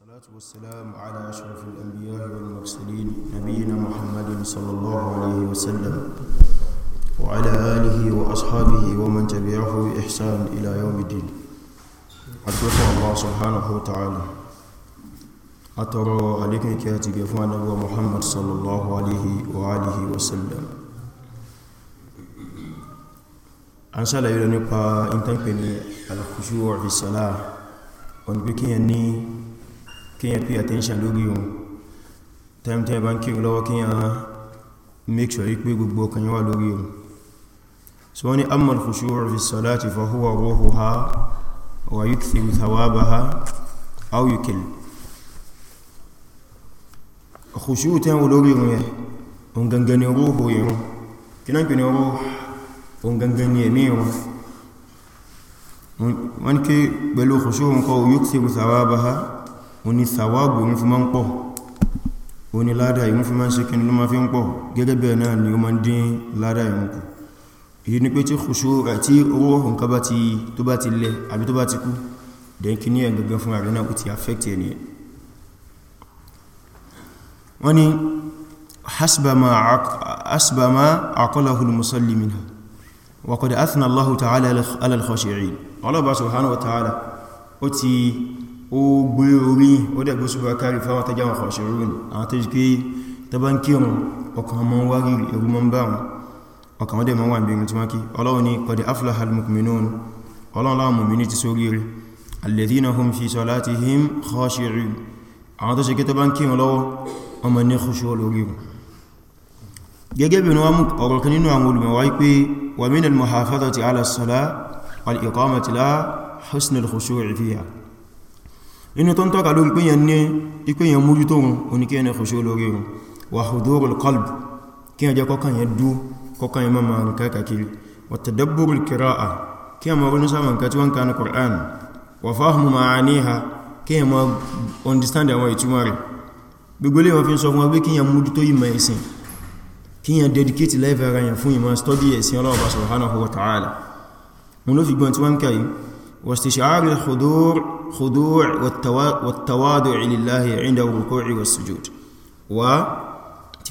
الصلاة والسلام على أشرف الأنبياء والمرسلين نبينا محمد صلى الله عليه وسلم وعلى آله وأصحابه ومن تبعه بإحسان إلى يوم الدين أتوقع الله سبحانه وتعالى أترى عليك كاتب يفعل محمد صلى الله عليه وآله وسلم أنسى لا يلنبقى إن تنكني الخشوع في الصلاة ونبكي أني kíyàn pay attention lórí ohun time tí a bá ń kírù lọ́wọ́ kíyàn make sure pé gbogbo ọkàn yíwá lórí ohun so wọ́n ni amma al-khushu' fi salati fa huwa ruhuha wa yukthiru tí wọ́n lórí ohun yẹn ohun gangan ni ruhu yẹn kí náà pè ní ruhu ohun gangan ni ẹ̀mí yẹn wọ́n kí o ni thawabu ní fún ma ń pọ̀ o ni ládá ìmú fún ma ń ṣe kí ló ma fi ń pọ̀ gẹ́gẹ́ bẹ́ẹ̀ náà ni ó ma ń dín ládá ìmú kù èyí ni pé tí kòṣó àti eh, owó tó bá ti lẹ àbí tó bá ti kú dẹ̀ ní ẹ̀gbẹ̀gbẹ̀ fún ààrẹ náà ti affect ẹni ẹ̀ wọ́n ni hasba ma aqalahu al-musalli minha wa Allahu ta'ala al-khashi'in Allah subhanahu wa ó ti ó gbé orí ó dẹ̀ gbóṣùgbà kárí fáwọn tàjá àwọn ọ̀ṣẹ̀rún àwọn tó jíké tàbá ń kí wọn ọkàn mọ́ wá rí ẹ̀rù mọ́ bá wọn ọkàn wọ́n dẹ̀ mọ́ wà ní bẹ̀rẹ̀ tí wọ́n kí ọlọ́run ni qad aflaha al-mu'minun ọlọ́run láwọn mùmínì ti sórí rẹ̀ alladhina hum fi salatihim khashi'un àwọn tó ṣekẹ́ tàbá inú tó ń tọ́ka ló ń pè yẹn ní ipé yẹn mújú tó rùn oníkẹ́ ẹni kòṣó lórí rùn wà hudurul qalb kí ẹjẹ́ kọ́kàn yẹn dú kọ́kàn yẹn máa rùn káàkiri wà tadabburul qira'a kí ẹ máa ronú sáwọn nǹkan tí wọ́n kà ní Qur'an wà fahmu ma'aniha kí ẹ understand àwọn ìtumọ̀ rẹ̀ gbogbo lè wọ́n fi sọ fún wa kí yẹn mújú tó ìmọ̀ ẹ̀sìn kí yẹn dedicate life ara yẹn fún ìmọ̀ study ẹ̀sìn Ọlọ́run subhanahu wa ta'ala mo ló fi gbọ́n tí wọ́n ń kà yìí واستشعار الخضوع خضوع والتواضع لله عند الركوع والسجود و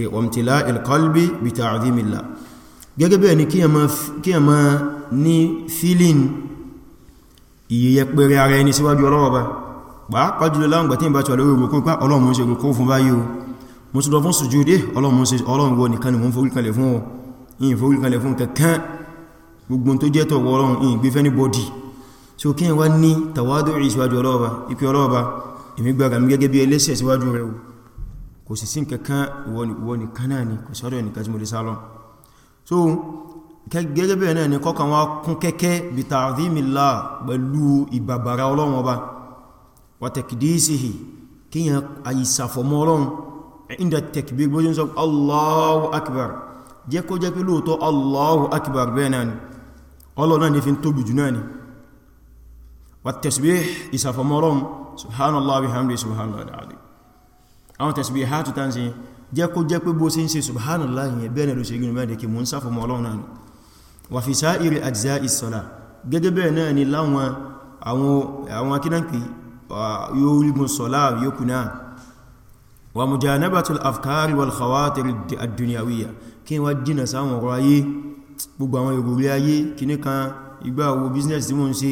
وامتلاء القلب بتعظيم الله جاجب يعني كي ما كي ما ني فيلين يكبر يعني سوى جلابة با قد جلالهم بتين باتوا لو ركوع الله مونسي ركوع فبايو مونسي دافون سجود إيه الله مونسي الله هو نكان مون فوق الكلفون إيه فوق الكلفون ككان بقول تجيتوا ورا إيه بيفني بودي so kí wá ní tàwádù ìṣíwájú ọlọ́ọba ikú ọlọ́ọba èmi gbára mi gẹ́gẹ́ bí ẹlẹ́sẹ̀ síwájú rẹ̀ o kò sì sí nǹkankan ìwọ nìkan náà ni kò sọ́dọ̀ nìkan tí mo lè sá lọ so gẹ́gẹ́ bẹ́ẹ̀ náà ni kọ́kàn wá kún kẹ́kẹ́ bí tààdímìlá pẹ̀lú ìbàbàrà ọlọ́run ọba wàtẹ̀kìdísìhì kí yàn àyíṣàfọ̀mọ́ ọlọ́run inda tẹ̀kìbí jẹ́ pé lóòtọ́ Allahu akbar bẹ́ẹ̀ náà ni ọlọ́run náà ni fi ń tóbi jù náà ni والتسبيح ìsàfọmọ́rọ̀m subhanallah bihamdi subhanallah al'adhim àwọn tasbihá tó tán sí jẹ́ kó jẹ́ pé bó sí ń ṣe subhanallah yẹn bẹ́ẹ̀ ló ṣe gínú mẹ́rin kí mún sàfọmọ́rọ̀m náà wà fi sa'iri ajza ìsọ́lá gẹ́gẹ́ bẹ́ẹ̀ náà ni láwọn àwọn akínàkì yóò rígun sọ́lá yókù náà wa mujanabatul afkari wal khawatir ad-dunyawiyya kí wá jìnà sáwọn ọ̀rọ̀ ayé gbogbo àwọn ìròrí ayé kìníkan ìgbà owó business tí mo ń ṣe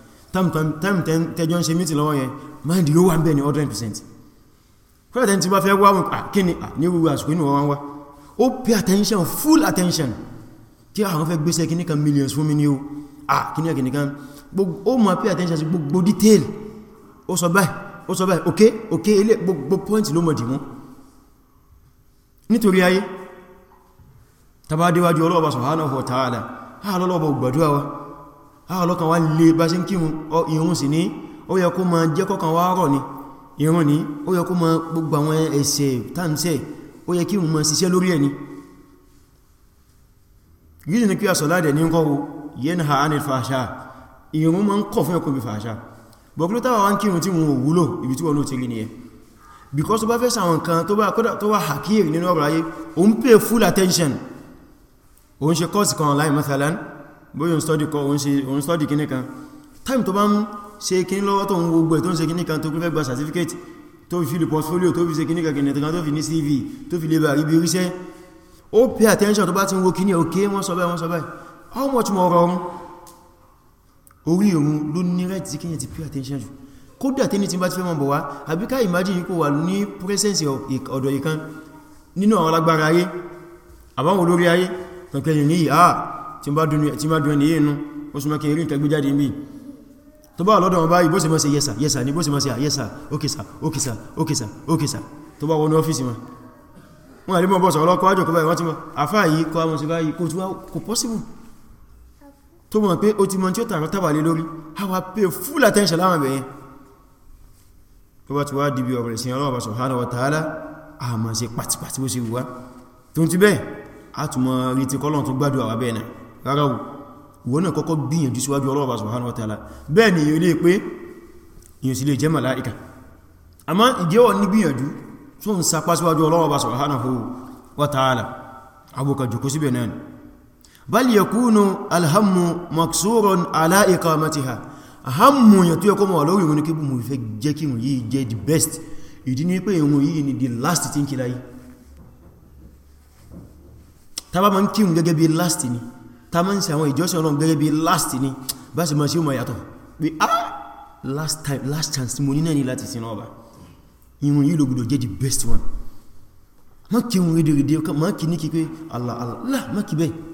time tẹjọ ń ṣe mítì lọ́wọ́ yẹn mind yóò wà bẹ́ẹ̀ ni 100% fẹ́ẹ̀tẹ́ tí bá fẹ́ wá wọn kíni ní wíwá àsìkò inú wọn wá ó pay attention full attention kí àwọn fẹ́ gbéṣẹ́ kíní kan millions fún mi ní o ah kíní kan kíní kan ó máa pay attention sí gbogbo detail ó sọ báyìí ó sọ báyìí okay. ok ilé gbogbo point ló mọ̀ dìmú nítorí ayé tàbá déwájú ọlọ́ọ̀bá subhanahu wa ta'ala àwọn ah, ọlọ́kan wá lè bá ṣe ń kírun ìrun sì ní ó yẹ kó ma jẹ́ kọ́kan wá rọ̀ ní ìrun ní ó yẹ kó ma gbogbo àwọn ẹ̀ṣẹ̀ tàǹsẹ̀ ó yẹ kírun ma ṣiṣẹ́ lórí ẹni yìí ni kí a sọ̀ládẹ̀ ní kọ́wọ́ yẹn ha anil fàṣà ìrun ma ń kọ̀ fún ẹkùn bí fàṣà bọ̀kúlù táwà wá ń kírun tí wọn ò wúlò ibi tí wọn ò ti rí nìyẹn because tó bá fẹ́ sàwọn kan tó bá kódà tó wà hakir nínú ọ̀rọ̀ ayé ó ń pay full attention ó ń ṣe kọ́ọ̀sì kan online mathalan bóyí òun study kọ́ òun study kíní kan time tó bá ń ṣe kíní lọ́wọ́ tó ń gbogbo ẹ̀ tó ń ṣe kíní kan tó kúrẹ́ gba certificate tó fi fílì portfolio tó fi ṣe kíní kan kíní kan tó fi ní CV tó fi lè bà rí bí ríṣẹ́ ó pay attention tó bá ti ń wo kíní òkè wọ́n sọ báyìí how much more ọrọ̀ orí òun ló ní rẹ̀ tí kíní attention jù kódà tí ní ti bá ti fẹ́ mọ̀ bọ̀ wá àbí ká imagine yípo wà ní presence ọ̀dọ̀ ìkan nínú àwọn alágbára ayé àbáwọn olórí ayé pẹ̀pẹ̀ yìí ní àà ah, tí bá dùn ní inú ó súnmọ́ kí eré ìtẹ́gbé jáde mí tó bá lọ́dọ̀ ọba ìbó sì mọ́ sí yẹsà yẹsà ní bó sì mọ́ sí yẹsà ókèsà ókèsà ókèsà ókèsà tó bá wọnú ọ́fíìsì ma wọ́n àrí mọ́ bọ́sọ̀ ọlọ́kọ́ àjọ kọ́ báyìí wọ́n ti mọ́ àfá yìí kọ́ àwọn síbá yìí kò tí kò pọ́síbù tó mọ̀ pé ó ti mọ́ tí ó tààrọ tàbà lé lórí àwà pé full attention láwọn bẹ̀yẹn tó bá ti wá dìbí ọ̀rẹ̀ sí ọlọ́ọ̀bà subhanahu wa ta'ala àmà sí pàtìpàtì bó sì wá tó ń ti bẹ́ẹ̀ á tún mọ́ rí ti kọ́lọ̀ tó gbádùn àwà bẹ́ẹ̀ náà rárá o wọ́n náà kọ́kọ́ gbìyànjú síwájú Ọlọ́run subhanahu wa ta'ala bẹ́ẹ̀ ni yóò lè pé yóò sì lè jẹ́ màláìkà àmọ́ ìdíwọ̀ ní gbìyànjú tó ń sapá síwájú Ọlọ́run subhanahu wa ta'ala abúkà jùkú síbẹ̀ náà ni bal yakunu alhammu maksurun ala iqamatiha ahammu yẹn tó yẹ kọ́ mọ̀ lórí ìrun ní kí mú ìfẹ́ tàbá ma ń kírun gẹ́gẹ́ bí last ni ta ma ń ṣe àwọn ìjọsìn Ọlọ́run gẹ́gẹ́ bí last ni bá ṣe ma ṣe ma yàtọ̀ pé ah last time last chance tí mo ní náà ní láti sin ọba irun yìí ló gbọ́dọ̀ jẹ́ the best one má kí irun èdè èdè ọkà má kí ní kí pé Allah Allah má kí bẹ́ẹ̀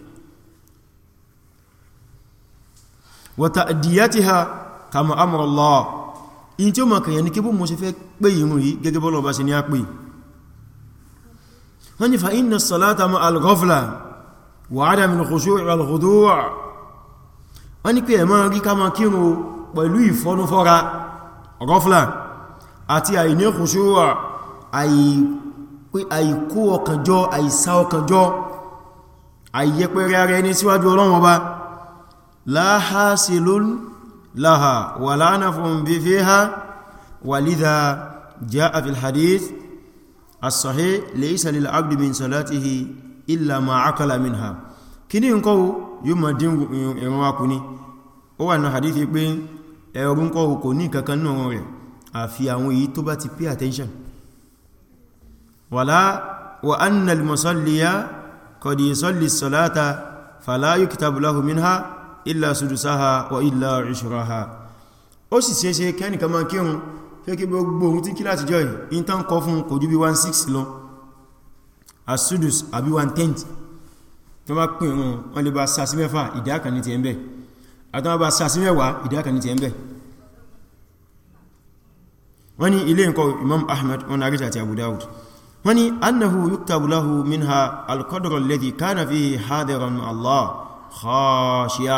وعدم الخشوع والخضوع wọ́n ní pé ẹ̀mọ́ rí ká máa kírun pẹ̀lú ìfọnúfọ́ra rọ́flà àti àìní khushu'a àìkó ọkànjọ́ àìsá ọkànjọ́ àìyẹpẹrẹ ara ẹni síwájú Ọlọ́run Ọba la hasilun laha wala naf'un fiha walidha jaa fil hadith as-sahih laysa lil illa ma akala minha kíní ǹkọ́ yóò mọ̀ dín ìran wa kù ní ó wà náà hadith pé ẹ̀rù ǹkọ́ kò ní kankan náà rẹ̀ àfi àwọn èyí tó bá ti pay attention wàlá wa anna al-musalliya qad yusalli as-salata fala yuktabu lahu minha illa sudusaha wa illa ishraha ó sì ṣeéṣe kẹ́nìkan máa kírun fẹ́ kí gbogbo ohun tí kíláàtì jọ yìí in tán kọ fún kò ju bí 16 lọ asudus àbí one tenth tó bá pín irun wọ́n lè bá sàsí mẹ́fà ìdá kan ní ti ẹ̀mbẹ̀ àtàwọn bá sàsí mẹ́wàá ìdá kan ní ti ẹ̀mbẹ̀ wọ́n ní ilé ǹkọ́ imam ahmad wọn àríjà àti abu dawud wọ́n ní annahu yuktabu lahu minha alqadru alladhi kana fihi hadiran allah khashia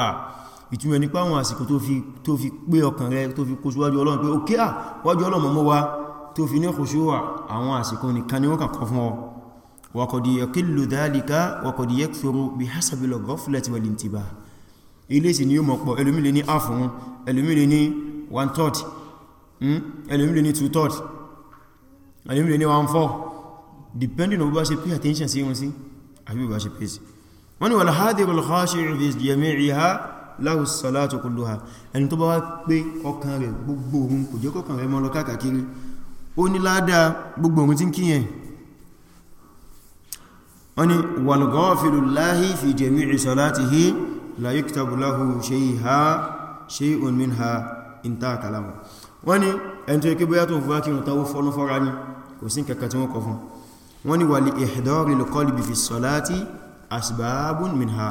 ìtumọ̀ nípa àwọn àsìkò tó fi pé ọkàn rẹ tó fi kó síwájú ọlọ́run pé òkè à ah, wájú ọlọ́run mọ́ wa tó fi ní kòṣúwà àwọn àsìkò nìkan ni wọ́n kà kọ fún ọ وقد يقل ذلك وقد يكثر بحسب الغفلة والانتباه ilé sì ni yóò mọ̀ pọ̀ ẹlòmí lè ní àfún ẹlòmí ní one third ẹlòmí lè ní two third hmm? ẹlòmí lè ní one four depending on bá ṣe pay attention sí wọn sí àbí bá ṣe pay sí wọ́n ni wal hadir al khashi'u fi jami'iha lahu salatu kulluha ẹni tó bá wá pé ọkàn rẹ̀ gbogbo wọ́n ni walgọ́fìlú láhí fi jami'i salatihi la yuktabu lahu shay'un minha intaha kalamu wọ́n ni ẹni tó yẹ kí bóyá tó ń fúwá kí ìrùntawó fọ́nú fọ́ra ní kò sí kẹkẹ tí wọ́n kọ fún wọ́n ni wali ihdari alqalbi fi salati asbabun minha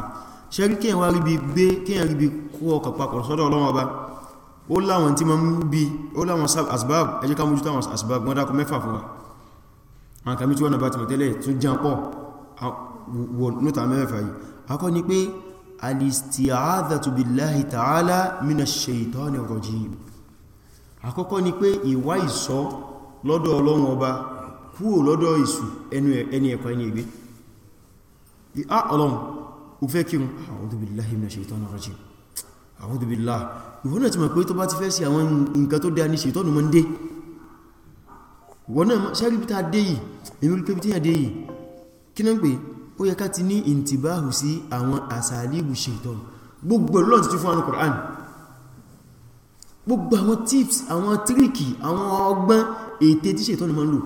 ṣe rí kí ẹwà rí bí gbé kí ẹ̀rí bí kú ọkà papọ̀ sọ́dọ̀ Ọlọ́run Ọba ó láwọn tí ma ń bí ó láwọn asbab ẹjẹ́ ká mójútó àwọn asbab wọ́n dákọ mẹ́fà fún wa àwọn tí wọ́n na bá ti mọ̀tẹ́lẹ̀ tún jẹ́ pọ̀ nọ́ta mẹ́fà yìí akọ́ ni pé alisti'adhatu billahi ta'ala minash shaytanir rajim àkọ́kọ́ ni pé ìwá ìsọ́ lọ́dọ̀ ọlọ́run ọba kúrò lọ́dọ̀ ìsù ẹni ẹ̀kọ́ ẹni ìgbé ìá ọlọ́run ó fẹ́ kí wọn a'udhu billahi minash shaytanir rajim a'udhu billahi ìwọ́n náà ti mọ̀ pé tó bá ti fẹ́ sí àwọn nǹkan tó kí náà pé ó yẹ ká ti ní ìntìbáhù sí àwọn àsàlíbù ṣètọ́n gbogbo lọ́n ti fún àwọn Qur'an gbogbo àwọn tips àwọn tíríkì àwọn ọgbọ́n ète tí ṣètọ́n ma ń lò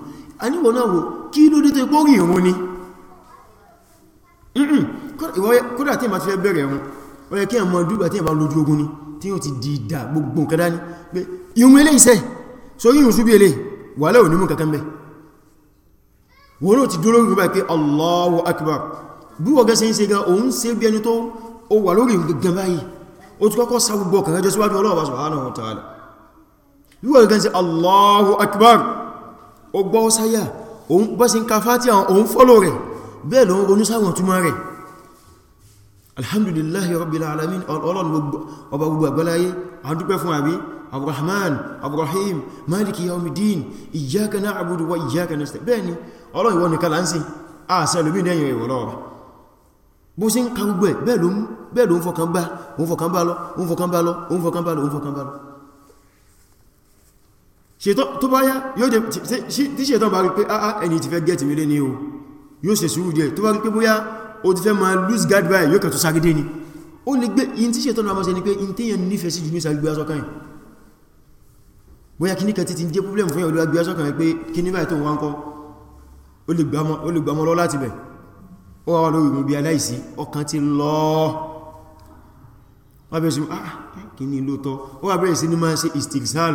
a níwọ̀ náà wò kí ló dé tó ipò rí ìrún ni kódà tí ma ti fẹ́ bẹ̀rẹ̀ ẹ̀rùn ó yẹ kí ẹ̀mọ dúgbà tí ẹ̀bá lójú ogun ni tí yóò ti dìdà gbogbo nǹkan dání pé ìrún eléyìí sẹ́ sórí ìrún súbí eléyìí wà lẹ́wọ̀n nímú kankan bẹ́ẹ̀ wọ́n ló ti dúró rí báyìí pé Allahu Akbar bí wọ́n gẹ́sẹ̀ ń ṣe gan òun ṣe bí ẹni tó ó wà lórí gan báyìí ó ti kọ́kọ́ sá gbogbo ọkàn rẹjọ síwájú Ọlọ́run subhanahu wa ta'ala bí wọ́n gẹ́sẹ̀ Allahu Akbar ó gbọ́ sáyà òun bọ́ sí ń ka fátíà òun fọ́lọ̀ rẹ̀ bẹ́ẹ̀ lọ maliki yawmiddin iyyaka na'budu wa iyyaka nasta'in ọlọ́run ìwọ nìkan láńsí àṣẹ olùbí ní ẹ̀yìn ìwọ̀n náà bó sí ń ka gbogbo ẹ̀ bẹ́ẹ̀ ló ń fọkàn bá òun fọkàn bá lọ òun fọkàn bá lọ òun fọkàn bá lọ òun fọkàn bá lọ ṣètọ́ tó bá yá yóò jẹ tí ṣètọ́ bá rí pé áá ah, ah, ẹni ti fẹ́ gẹ́ẹ̀tì mílé ní o yóò ṣe sùúrù díẹ̀ tó bá rí pé bóyá o ti fẹ́ ma lose guard by yóò kẹtù ságídé ni ó lè gbé in tí ṣètọ́ náà mọ́sẹ̀ ni pé in téèyàn nífẹ̀ẹ́ sí jù ní sàgbé asọ́kàn yìí bóyá kíníkà ti ti jẹ́ problem fún yẹ̀ olúwa gbé asọ́kàn yìí pé kíní báyìí tó wá ń kọ́ ó lè gbàmọ́ lọ láti bẹ̀ ó wà lórí mú bí aláìsí ọkàn ti lọ wọ́n bẹ̀rẹ̀ sí mú ah kí ní ló tọ́ ó wà bẹ̀rẹ̀ sí ní máa ṣe istighsal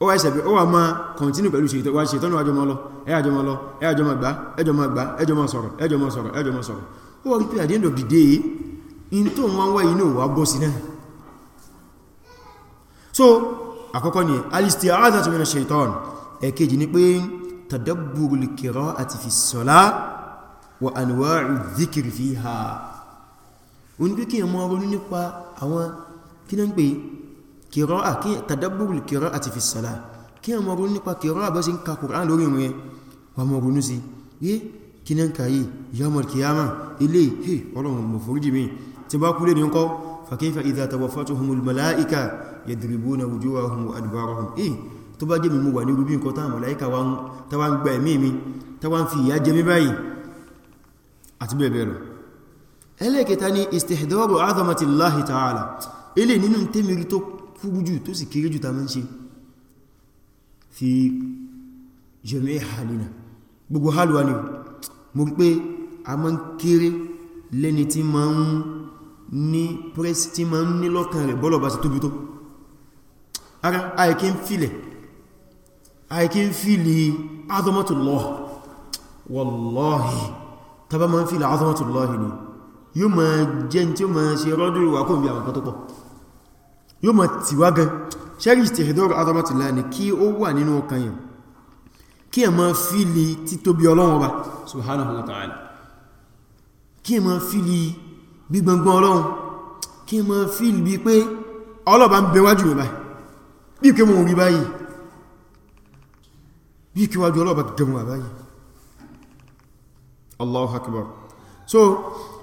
ó wà ìṣẹ̀bẹ̀ ó wà máa continue pẹ̀lú ṣètọ́nù àjọmọ́ lọ ẹjọmọ́ lọ ẹjọmọ́ gbá ẹjọmọ́ gbá ẹjọmọ́ sọ̀rọ̀ ẹjọmọ́ sọ̀rọ̀ ẹjọmọ́ sọ̀rọ̀ ó wà rí pé at the end of the day in tó wọ́n wá inú wà bọ́ sí náà so àkọ́kọ́ ni al-isti'adhatu minash shaitan ẹ̀kejì ni pé تدبر القراءة في الصلاة وأنواع الذكر فيها ونبكي أمارون نقوى àwọn kí ní ń pè kìrọ́à kí tàdábùrù kìrọ́à ti fi sàlá kí a mọ̀rún nípa kìrọ́à bọ́ sí ń ka kùrán lórí rẹ̀ wà mọ̀rún sí yé kí ní ń ka yìí yọmọ̀l kìyàmà ilé hì ọlọ́run mọ̀ foríjì mi tí bá kúlé ní ń kọ́ fa kayfa idha tawaffatuhumul mala'ika yadribuna wujuhahum wa adbarahum tó bá jẹ́ mi mú wà ní rubí nǹkan táwọn mọ̀láíkà tàwà ń gba ẹ̀mí mi tàwà ń fi ìyà jẹ mí báyìí àti bẹ́ẹ̀ bẹ́ẹ̀ lọ ẹlẹ́kẹta ni istihdaru azamatillahi ta'ala ilé nínú tẹ́mìrí tó kúrú jù tó sì kéré jù ta mọ́ ṣe fi a mọ́ ń kéré filẹ̀ àìkí fìlì azọmọ́tùlọ́hì wallahi tàbá ma ń fìlì azọmọ́tùlọ́hì ni yóò ma jẹ́ tí ó ma ṣe rọ́dúrú wà kún bí àwọn kan tó pọ̀ yóò ma ti wá gan ṣẹ́rì ìstẹ̀ẹ̀dọ́rọ̀ azọmọ́tùlọ́hì ni kí ó wà nínú ọkàn yẹn kí ẹ ma fìlì títóbi ọlọ́run ọba subhanahu wa bí kí wájú ọlọ́ọ̀bá gẹ̀mù àbáyé Allahu akbar so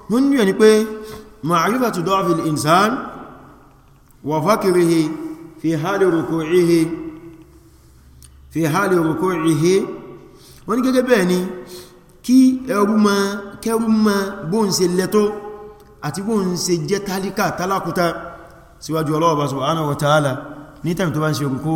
wọ́n ní ẹni pé ma'rifatu da'fi al-insan wa fakrihi fi hali ruku'ihi fi hali ruku'ihi wọ́n ní gẹ́gẹ́ bẹ́ẹ̀ ni kí ẹrú ma kẹrú ma bóhùn ṣe lẹ́tọ́ àti bóhùn ṣe jẹ́ tálíkà tálákúta síwájú ọlọ́ọ̀bá subhanahu wa ta'ala ní tàbí tó bá ń ṣe òkú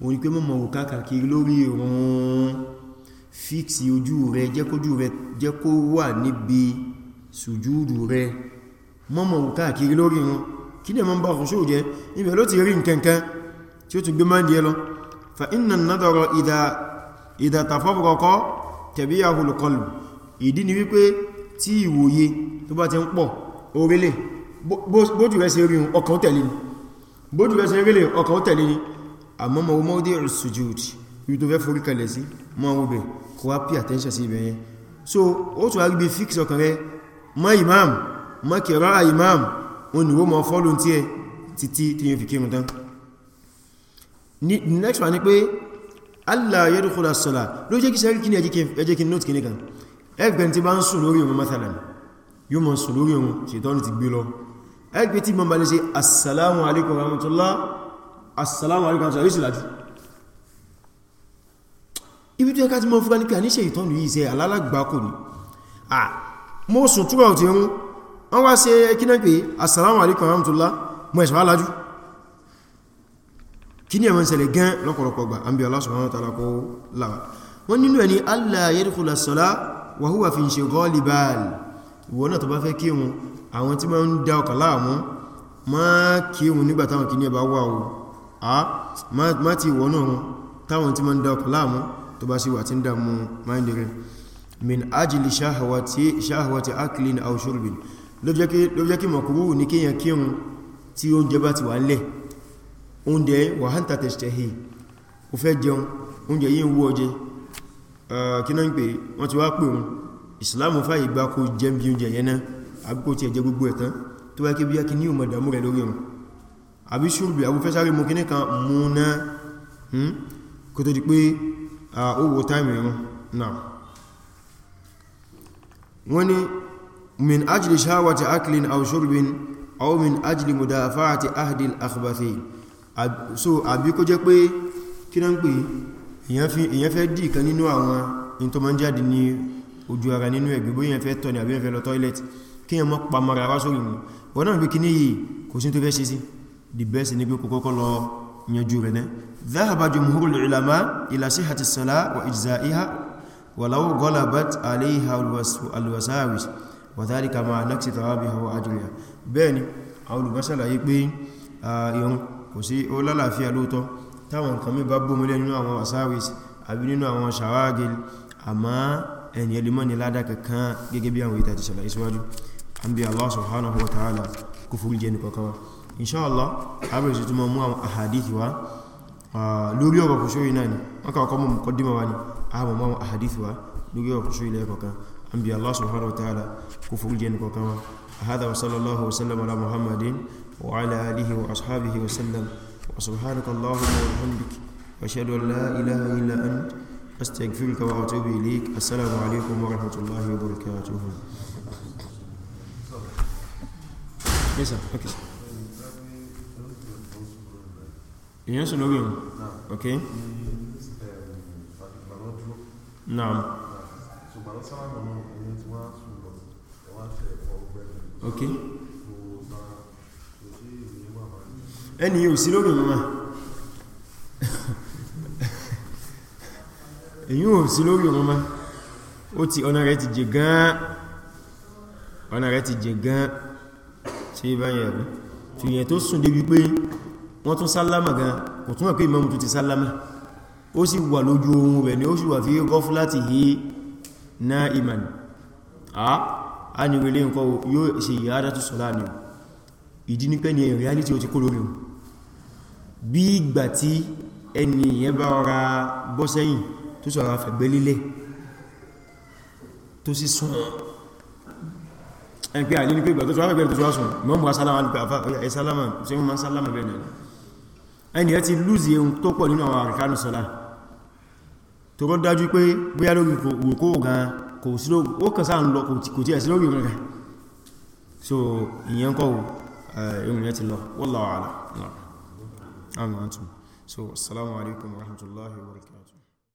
òun ni pé mọ́mọ̀ wò káàkiri lórí ìrun fíksì ojú rẹ jẹ́kójú rẹ jẹ́kó wà níbi sùjúdù rẹ mọ́mọ̀ wò káàkiri lórí ìrun kí ní ẹmọ́ bá ọ̀ṣọ́ jẹ́ ibẹ̀ ló ti rí nkankan tí ó tún gbé máa lọ fa inna nadara idha tafarraqa tabi'ahu al-qalb ìdí ni wípé tí ìwòye tó bá ti ń pọ̀ orílẹ̀ bójú rẹ̀ sí rí ọkàn tẹ̀lé ni àmọ́ mọ̀ mọ́dí ìsùjúd ibi tó fẹ́ forí kalẹ̀ sí mọ́ ọgbẹ̀ kò wá pí attention sí ibẹ̀ yẹn so ó tún wá gbé fix ọkàn rẹ mọ́ imam mọ́ kẹrọ imam oníwó mọ́ fọ́lù tí ẹ títí tí yóò fi kírun tán next one ni pé allah yadkhulu as-sala ló jẹ́ kí sẹ́rí kí ni ẹjẹ́ kí note kìíní kan ẹgbẹ̀n tí bá ń sùn lórí òun mathalan yóò mọ̀ sùn lórí òun ṣètọ́nù ti gbé lọ ẹgbẹ̀ tí mọ̀ bá lè ṣe assalamu alaikum warahmatullah assalamu alaikum sọ yóò lájú ibi tó ẹka tí mọ́ fúra ní pé a níṣẹ́ ìtọ́nù yìí ṣe alálàgbákò ni à mọ́ sùn túrọ̀ tí ń wọ́n wá ṣe kíná pé assalamu alaikum rahmatullah mọ́ ẹ̀ṣọ́ alájú kí ní ẹ̀mọ́ ìṣẹ̀lẹ̀ gan lọ́pọ̀lọpọ̀ gbà àbí Allah subhanahu wa ta'ala kó lára wọ́n nínú ẹni allah yadkhula as-salah wa huwa fi inshighalil bal wọn àwọn ma ń dá ọkà láàmú ma kí ní ẹbá wà wọn ma ti wọ́nà wọn táwọn tí ma ń dákù láàmú tó bá sí wà tí ń dámú mindirin min ajili shahawati aklin aw shurbin ló jẹ́ kí makuru ní kíyàn kírun tí oúnjẹ bá ti wà nílẹ̀ oúnjẹ wà hanta tẹ̀ṣtẹ̀hì ó fẹ́ jẹun oúnjẹ yí ń wú ọjẹ́ kí náà ń pè wọ́n ti wá pè wọn ìsìláàmù fàyè gbá kó jẹ́ bí oúnjẹ yẹn náà àbíkò tí ẹ̀jẹ̀ gbogbo ẹ̀tán tó wá kí àbí ṣúrùbí abúfẹ́sáré mú kíní kan múná hmm? kò tó di pé owó táìmì ẹ̀rùn náà wọ́n ni min ajli shawati aklin aw shurbin aw min ajli mudafa'ati ahdil akhbathi so àbí kó jẹ́ pé kí náà ń pè èyàn fẹ́ dì kan nínú àwọn in tó ma ń jáde ní ojú ara nínú ẹ̀gbẹ̀ bóyí èyàn fẹ́ tọ̀ ní àbí èyàn fẹ́ lọ tọ́ilẹ̀tì kí èyàn mọ́ pa wá sórí wọn náà bí kí ní yìí kò sí tó fẹ́ ṣe sí the best ni pé kọ́kọ́ lọ yanjú rẹ̀ náà dhahaba jumhurul ulama ila sihhati as-salah wa ijza'iha walau ghalabat alayha alwasawis wa dhalika ma naqsi thawabiha wa ajriha bẹ́ẹ̀ni àwọn olùbáṣàlàyé pé ìrun kò sí ó lálàáfíà lóòtọ́ táwọn nǹkan mi bá gbómúlẹ̀ nínú àwọn wasawis àbí nínú àwọn bí àwọn ìtàtìṣàlàyé síwájú an bí Allah inshallah abẹ́rẹ̀ sí mú àwọn wa lórí ọ̀rọ̀ kò ṣóyí náà ni wọ́n kàwọ́ kọ́ mọ́ mọ́ wa ni àwọn mọ́ àwọn ahadith wa Allah subhanahu wa ta'ala kó fúrú jẹ́ hadha wa sallallahu wa sallam ala muhammadin wa ala alihi wa ashabihi wa sallam wa subhanaka allahumma wa bihamdik ashhadu an la ilaha illa ant astaghfiruka wa atubu ilayk assalamu alaykum wa rahmatullahi wa barakatuh Yes, sir. Okay. sir. èyàn sùn lórí ok naam ok um, ẹni yóò sí lórí ohun èyí ò sí lórí ohun ó ti ọ̀nà rẹ̀ ti jẹ gan ọ̀nà rẹ̀ ti jẹ gan ṣe báyẹ̀ rẹ̀ fìyẹ̀ tó sùn débi pé wọ́n tún sálámà gan kò túnmọ̀ pé ìmáàmù tó ti sálámà ó sì wà lójú ohun rẹ̀ ni ó sì wà fi gọ́fù láti hì náà iman a ni wele nǹkan yóò ṣe ìyáadá tó sọ́lá ni ìdí ní pé ní reality ó ti kó lórí bí ìgbà tí ẹni yẹn bá ọra bọ́ sẹ́yìn tó sọ̀rọ̀ afẹ̀gbẹ́ lílẹ̀ tó sì sùn ẹni pé àlè ní pé ìgbà tó sọ́rọ̀ afẹ́gbẹ́ tó sọ́rọ̀ sùn mọ́mù asálámà ní pé àfà ẹsálámà tí wọ́n máa sálámà bẹ́ẹ̀ ẹni ẹ ti lúzi ehun tó pọ̀ nínú àwọn àríkánù sọ́lá tó rọ́ dájú pé bóyá lórí rùkú gan kò sí lórí ó kàn sáà ń lọ kò tí ẹ̀ sí lórí rẹ̀ so ìyẹn kọ́ ehun yẹn ti lọ wallahu a'lam àmì àtùm so assalamu alaikum warahmatullahi